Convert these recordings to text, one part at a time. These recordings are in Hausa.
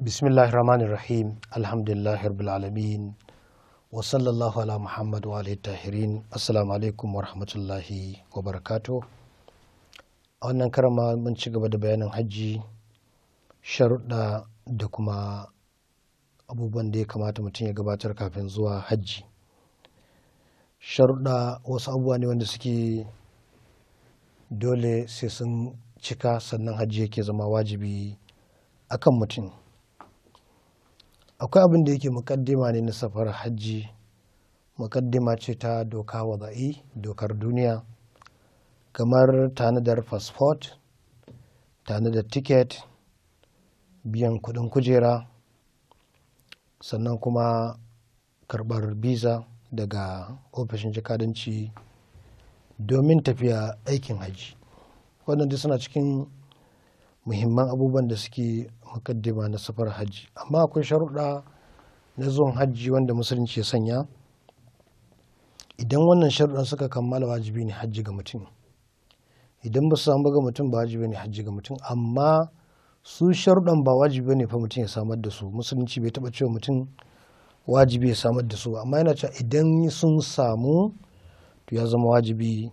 bismillahir rahmanir rahim alhamdulillahi rabbil alamin wa sallallahu ala muhammad wa alihi tahirin assalamu alaikum wa rahmatullahi wa barakatuh a wannan karama mun ci gaba da bayanin hajji sharuɗa da kuma abubuwan da ya kamata mutum ya gabatar kafin zuwa hajji sharuɗa wasu abubuwa ne wanda suke dole sai sun cika sannan hajji yake zama wajibi akan mutum akwai abin da yake mukaddima ne na safar hajji mukaddima ce ta doka wada'i dokar duniya kamar tanadar fasfot tanadar tiket biyan kudin kujera sannan kuma karbar biza daga ofishin jakadanci domin tafiya aikin hajji waɗanda suna cikin muhimman abubuwan da suke mukaddima na safar hajji amma akwai sharuɗa na zuwan hajji wanda musulunci ya sanya idan wannan sharuɗan suka kammala wajibi ne hajji ga mutum idan ba su samu ga mutum ba wajibi ne hajji ga mutum amma su sharuɗan ba wajibi ne fa mutum ya samar da su musulunci bai taɓa cewa mutum wajibi ya samar da su amma yana cewa idan sun samu to ya zama wajibi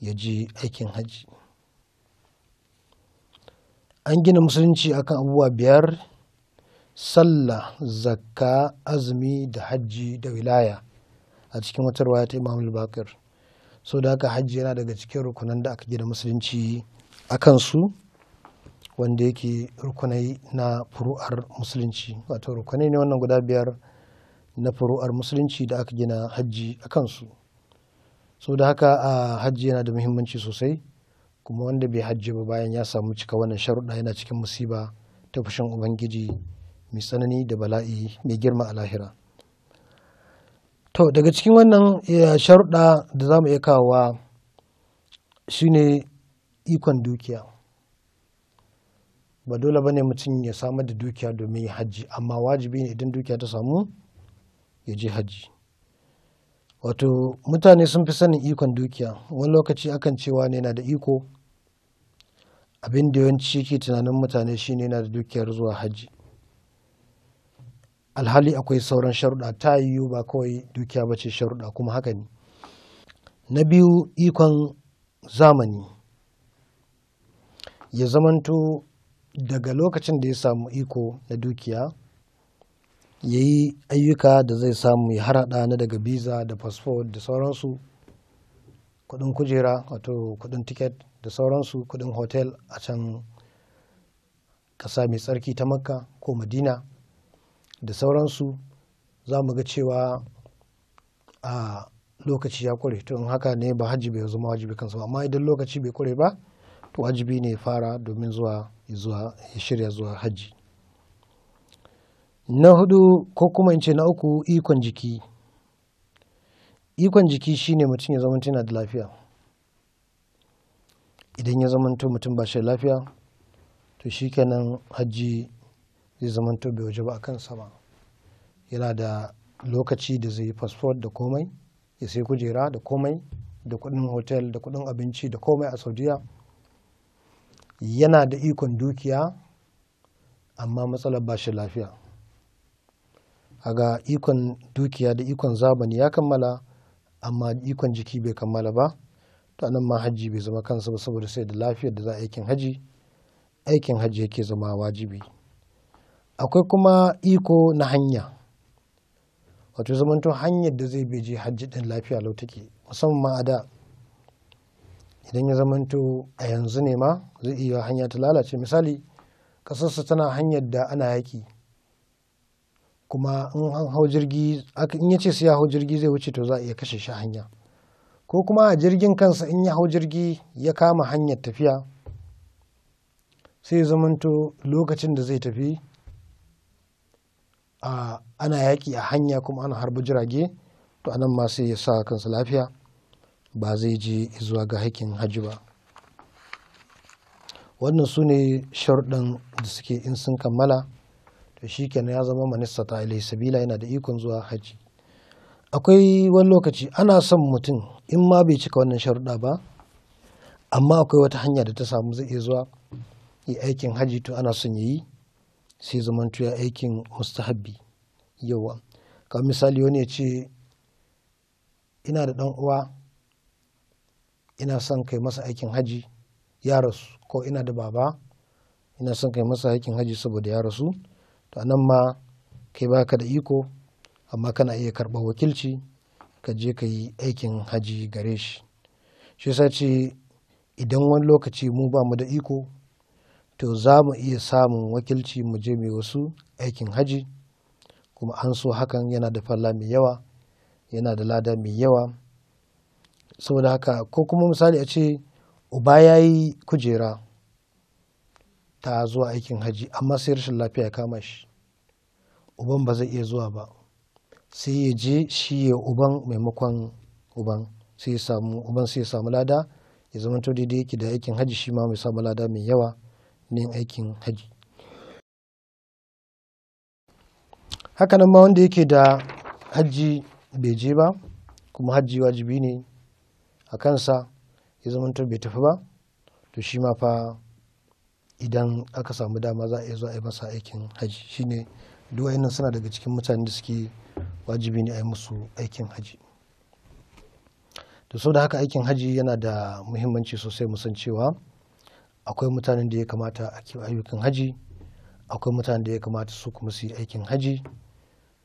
ya je aikin hajji an gina musulunci akan abubuwa biyar sallah zakka azumi da hajji da wilaya a cikin wata ruwaya ta imam bakir so da haka hajji yana daga cikin rukunan da aka gina musulunci a kansu wanda yake rukunai na furu'ar musulunci wato rukunai ne wannan guda biyar na furu'ar musulunci da aka gina hajji a kansu so da haka a ah, hajji yana da muhimmanci sosai kuma wanda bai hajji ba bayan ya samu cika wannan sharuɗa yana cikin musiba ta fushin ubangiji mai tsanani da bala'i mai girma a lahira to daga cikin wannan eh, sharuɗa da za mu iya kawowa shine ikon dukiya ba dole ba ne mutum ya samar da dukiya domin ya hajji amma wajibi ne idan dukiya ta samu ya je hajji wato mutane sun fi sanin ikon dukiya wani lokaci akan cewa ne na da iko abin da yawanci ke tunanin mutane shine yana da dukiyar zuwa hajji alhali akwai sauran sharuɗa ta yiwu ba kawai dukiya ba ce sharuɗa kuma haka ne na biyu ikon zamani ya zamanto daga lokacin da ya samu iko na dukiya ya yi ayyuka da zai samu ya harada na daga biza da fasfo da sauransu kudin kujera wato kudin tiket da sauransu kudin hotel a can ƙasa mai tsarki ta makka ko madina da sauransu za mu ga cewa a lokaci ya kure tun haka ne ba hajji bai zama wajibi kansa ba amma idan lokaci bai kure ba to wajibi ne fara domin zuwa ya shirya zuwa hajji na hudu ko kuma in ce na uku ikon jiki ikon jiki shine mutum ya zama tana da lafiya idan ya zamanto mutum ba shi lafiya to shi kenan hajji zai zamanto bai waje ba a kan sama yana da lokaci da zai yi fasfot da komai ya sai kujera da komai da kudin hotel da kudin abinci da komai a saudiya yana da ikon dukiya amma matsalar ba shi lafiya ga ikon dukiya da ikon zamani ya kammala amma ikon jiki bai kammala ba to anan ma hajji bai zama kansa ba saboda sai da lafiyar da za a aikin hajji aikin hajji yake zama wajibi akwai kuma iko na hanya wato zamanto hanyar da zai beje hajji din lafiya lau take musamman a da idan ya zamanto a yanzu ne ma zai iya hanya ta lalace misali ƙasarsa tana hanyar da ana yaƙi kuma in ya ce sai ya hau jirgi zai wuce to za a iya kashe shi hanya ko kuma a jirgin kansa in ya hau jirgi ya kama hanyar tafiya sai zamanto lokacin da zai tafi a ana yaƙi a hanya kuma ana harba jirage to anan ma sai ya sa kansa lafiya ba zai je zuwa ga haƙƙin hajji ba wannan su ne sharuɗan da suke in sun kammala to shi kenan ya zama minista ta ilai sabila yana da ikon zuwa hajji akwai wani lokaci ana son mutum in ma bai cika wannan sharuɗa ba amma akwai wata hanya da ta samu zai iya zuwa ya aikin haji to ana son ya yi sai zaman ya aikin mustahabbi yawa ka misali wani ya ce ina da ɗan uwa ina son kai masa aikin haji ya rasu ko ina da baba ina son kai masa aikin haji saboda ya rasu to nan ma kai baka da iko amma kana iya karɓar wakilci ka je ka yi aikin haji gare shi shi sa ce idan wani lokaci mu ba mu da iko to za mu iya samun wakilci mu je mai wasu aikin haji kuma an so hakan yana da falla mai yawa yana da lada mai yawa saboda haka ko kuma misali a ce uba ya yi kujera ta zuwa aikin haji amma sai rashin lafiya ya kama shi uban ba zai iya zuwa ba sai ya je shi ya uban maimakon uban sai ya samu uban sai ya samu lada ya zama to daidai yake da aikin haji shi ma mai samu lada mai yawa ne aikin haji hakanan ma wanda yake da hajji bai je ba kuma hajji wajibi ne a kansa ya zama to bai tafi ba to shi ma fa idan aka samu dama za a iya zuwa a yi masa aikin hajji shine nan suna daga cikin mutane da suke wajibi ne a yi musu aikin haji da sau da haka aikin haji yana da muhimmanci sosai musan cewa akwai mutanen da ya kamata a ayyukan haji akwai mutanen da ya kamata su kuma su yi aikin haji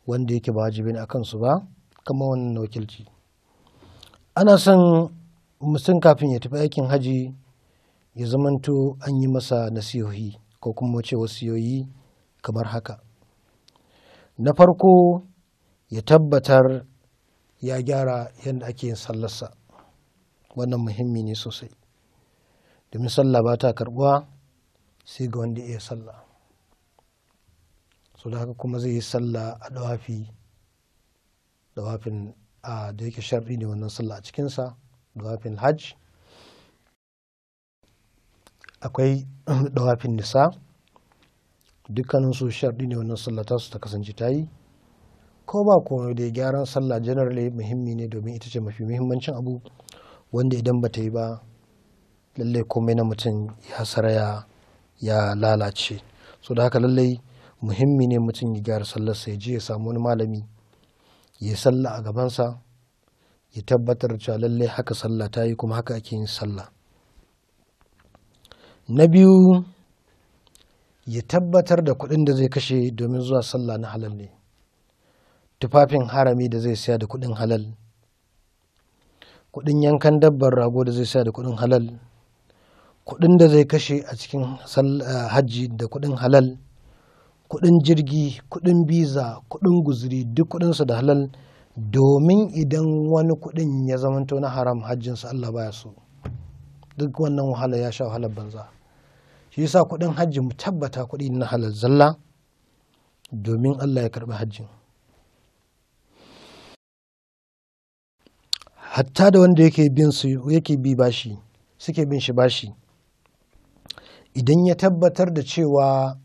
wanda yake ba wajibi ne a kansu ba kamar wannan wakilci ana son musan kafin ya tafi aikin haji ya zamanto an yi masa nasihohi ko kuma wasu yoyi kamar haka na farko ya tabbatar ya gyara yadda ake yin sallarsa wannan muhimmi ne sosai domin sallah ba ta karbuwa sai ga wanda iya sallah so da haka kuma zai yi sallah a dawafi dawafin a da yake sharɗi ne wannan sallah a cikinsa dawafin hajj akwai dawafin nisa dukkaninsu sharɗi ne wannan sallah ta su ta kasance ta yi ko ba komai da gyaran sallah generally muhimmi ne domin ita ce mafi muhimmancin abu wanda idan ba ta yi ba lallai komai na mutum ya saraya ya lalace so da haka lallai muhimmi ne mutum ya gyara sallar sai je ya samu wani malami ya sallah a gabansa ya tabbatar cewa lallai haka sallah ta yi kuma haka ake yin sallah na biyu ya tabbatar da kuɗin da zai kashe domin zuwa sallah na halal ne tufafin harami da zai saya da kuɗin halal kuɗin yankan dabbar rago da zai saya da kuɗin halal kuɗin da zai kashe a cikin hajji da kuɗin halal kuɗin jirgi kuɗin biza kuɗin guzuri duk kuɗinsu da halal domin idan wani kuɗin ya zamanto na haram hajjinsu Allah baya so duk wannan wahala ya sha wahalar banza shi yasa kuɗin hajji mu tabbata kuɗi na halal zalla domin Allah ya karbi hajjin hatta da wanda yake bin su yake bi bashi suke bin shi bashi idan ya tabbatar da cewa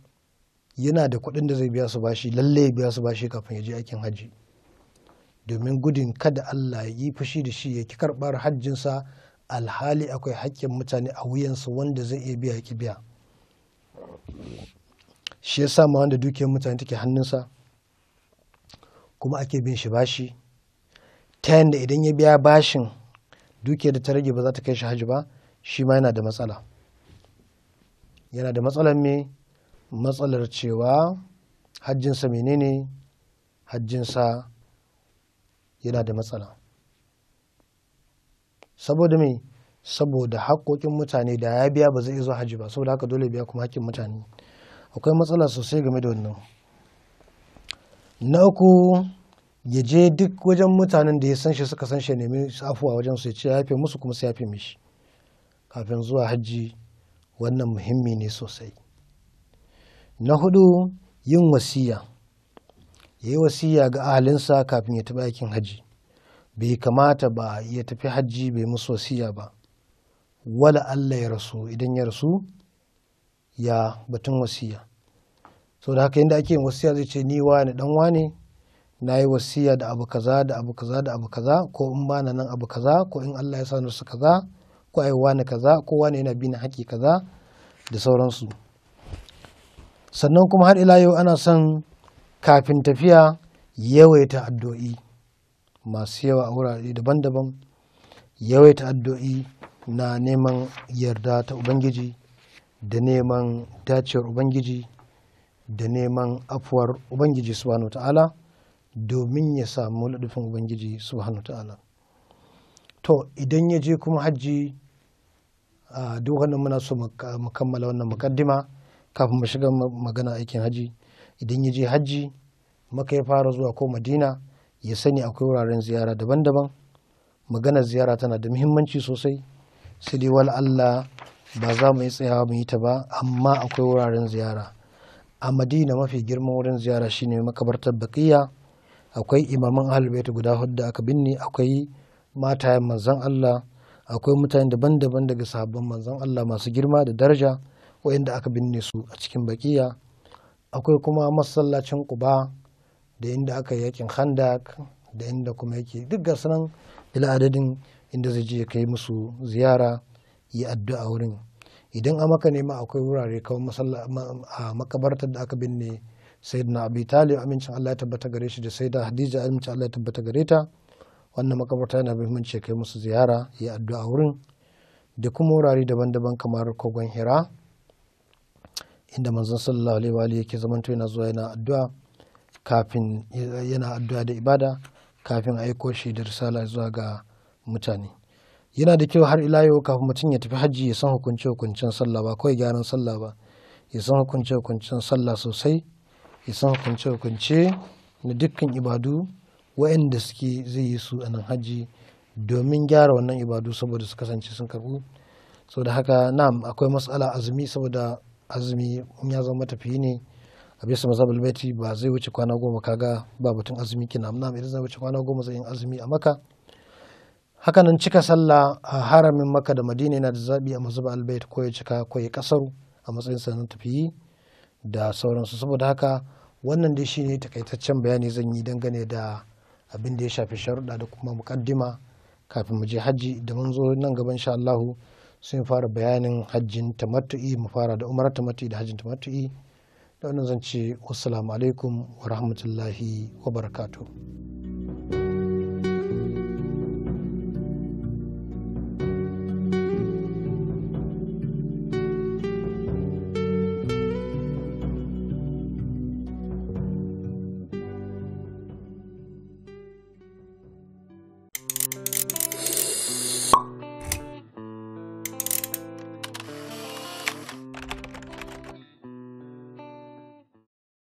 yana da kuɗin da zai biya su bashi lalle ya biya su bashi kafin ya je aikin hajji domin gudun kada Allah ya yi fushi da shi ya ki karɓar hajjinsa alhali akwai haƙƙin mutane a wuyansa wanda zai iya biya ki biya shi ya sa ma wanda dukiyar mutane take hannunsa kuma ake bin shi bashi ta yadda idan ya biya bashin dukiyar da ta rage ba za ta kai shi hajji ba shi ma yana da matsala yana da matsalar me matsalar cewa hajjinsa menene hajjinsa yana da matsala saboda me saboda haƙoƙin mutane da ya biya ba zai iya zuwa hajji ba saboda haka dole biya kuma haƙƙin mutane akwai matsala sosai game da wannan na uku ya je duk wajen mutanen da ya san shi suka san shi nemi afuwa wajen su ya ce yafe musu kuma su yafe mishi kafin zuwa hajji wannan muhimmi ne sosai na hudu yin wasiya ya yi wasiya ga ahalinsa kafin ya tafi aikin hajji bai kamata ba ya tafi hajji bai musu wasiya ba wala Allah ya rasu idan ya rasu ya batun wasiya sau da haka inda ake yin wasiya zai ce ni wani dan wane na yi wasiya da abu kaza da abu kaza da abu kaza ko in bana nan abu kaza ko in Allah ya sa nasu kaza ko ai wani kaza ko wani yana bin haƙi kaza da sauransu sannan kuma har ila yau ana son kafin tafiya yawaita addu'o'i masu yawa a wurare daban-daban yawaita addu'o'i na neman yarda ta ubangiji da neman dacewar ubangiji da neman afuwar ubangiji subhanahu ta'ala domin ya samu ladufin ubangiji subhanahu ta'ala to idan ya je kuma hajji a duk wannan muna so mu kammala wannan mukaddima kafin mu shiga magana aikin hajji idan ya je hajji maka ya fara zuwa ko madina ya sani akwai wuraren ziyara daban-daban maganar ziyara tana da muhimmanci sosai sai dai Allah ba za mu yi tsayawa mu yi ta ba amma akwai wuraren ziyara a madina mafi girman wurin ziyara shine makabartar baqiya akwai imaman ahalbaita guda hudu da aka binne akwai matayen manzon Allah akwai mutane daban-daban daga sabon manzon Allah masu girma da daraja waɗanda aka binne su a cikin bakiya akwai kuma masallacin kuba da inda aka yi yakin handak da inda kuma yake duk ga sanan adadin inda zai je ya kai musu ziyara yi addu'a wurin idan a maka nema akwai wurare kawai a makabartar da aka binne sayyidina abi talib amincin Allah ya tabbata gare shi da sayyida hadija amincin Allah ya tabbata gare ta wannan makabarta yana muhimmanci ya kai musu ziyara ya addu'a wurin da kuma wurare daban-daban kamar kogon hira inda manzon sallallahu alaihi wa alihi yake zamanto yana zuwa yana addu'a kafin yana addu'a da ibada kafin aiko shi da risala zuwa ga mutane yana da kyau har ila yau kafin mutum ya tafi hajji ya san hukunce hukuncen sallah ba kawai gyaran sallah ba ya san hukunce hukuncen sallah sosai ya san hukunce-hukunce na dukkan ibadu waɗanda suke zai yi su a nan hajji domin gyara wannan ibadu saboda su kasance sun karɓu saboda haka na'am akwai matsala azumi saboda azumi in ya zama tafiye ne a bisa mazhabul baiti ba zai wuce kwana goma kaga ba batun azumi kina na'am idan zai wuce kwana goma zai yin azumi a maka hakanan cika sallah a haramin maka da madina yana da zabi a mazhabul albayt ko ya cika ko ya kasaru a matsayin sanin tafiyi da sauransu saboda haka wannan dai shine takaitaccen bayani zan yi dangane da abin da ya shafi sharuɗa da kuma mukaddima kafin mu je hajji da mun zo nan gaban sha Allahu sun fara bayanin hajjin tamattu'i mu fara da umar tamattu'i da hajjin tamattu'i da wannan zan ce wassalamu alaikum wa rahmatullahi wa barakatuh